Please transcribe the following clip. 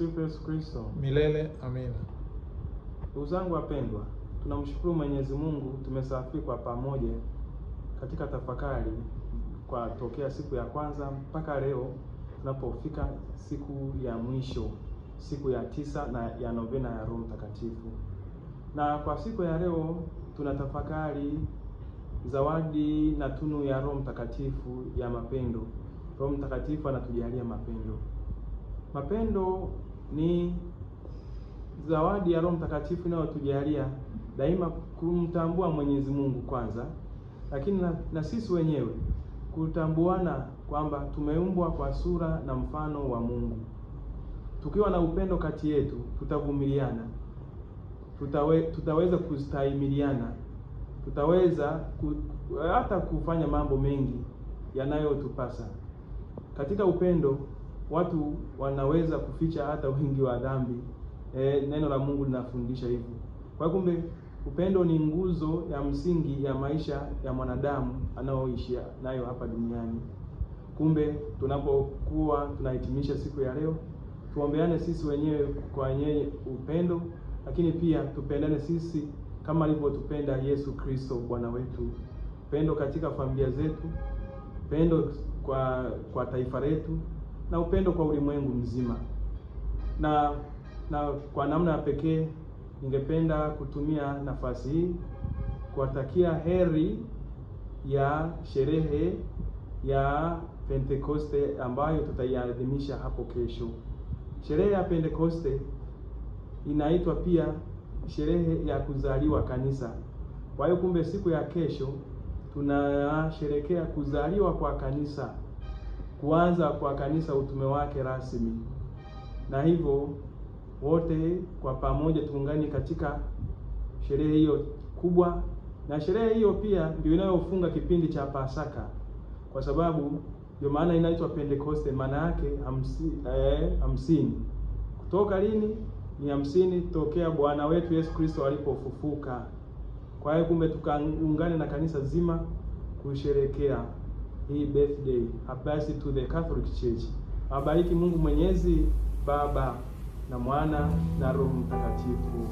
Tumsifu Yesu Kristo milele, amina. Ndugu zangu wapendwa, tunamshukuru Mwenyezi Mungu tumesafikwa kwa pamoja katika tafakari kwa tokea siku ya kwanza mpaka leo tunapofika siku ya mwisho, siku ya tisa na ya novena ya Roho Mtakatifu. Na kwa siku ya leo tunatafakari zawadi na tunu ya Roho Mtakatifu ya mapendo. Roho Mtakatifu anatujalia mapendo. Mapendo ni zawadi ya Roho Mtakatifu inayotujalia daima kumtambua Mwenyezi Mungu kwanza, lakini na, na sisi wenyewe kutambuana kwamba tumeumbwa kwa sura na mfano wa Mungu. Tukiwa na upendo kati yetu, tutavumiliana, tutawe, tutaweza kustahimiliana, tutaweza ku, hata kufanya mambo mengi yanayotupasa katika upendo watu wanaweza kuficha hata wingi wa dhambi. E, neno la Mungu linafundisha hivyo. Kwa kumbe upendo ni nguzo ya msingi ya maisha ya mwanadamu anaoishi nayo hapa duniani. Kumbe tunapokuwa tunahitimisha siku ya leo, tuombeane sisi wenyewe kwa wenyewe upendo, lakini pia tupendane sisi kama alivyotupenda Yesu Kristo Bwana wetu. Pendo katika familia zetu, pendo kwa kwa taifa letu na upendo kwa ulimwengu mzima. Na na kwa namna ya pekee ningependa kutumia nafasi hii kuwatakia heri ya sherehe ya Pentekoste ambayo tutaiadhimisha hapo kesho. Sherehe ya Pentekoste inaitwa pia sherehe ya kuzaliwa kanisa. Kwa hiyo kumbe, siku ya kesho tunasherekea kuzaliwa kwa kanisa kuanza kwa kanisa utume wake rasmi, na hivyo wote kwa pamoja tuungane katika sherehe hiyo kubwa, na sherehe hiyo pia ndio inayofunga kipindi cha Pasaka, kwa sababu ndio maana inaitwa Pentekoste, maana yake hamsini, eh, hamsini. Kutoka lini? Ni hamsini tokea Bwana wetu Yesu Kristo alipofufuka. Kwa hiyo kumbe tukaungane na kanisa zima kusherekea hii birthday applies to the Catholic Church. Awabariki Mungu Mwenyezi, Baba na Mwana na Roho Mtakatifu.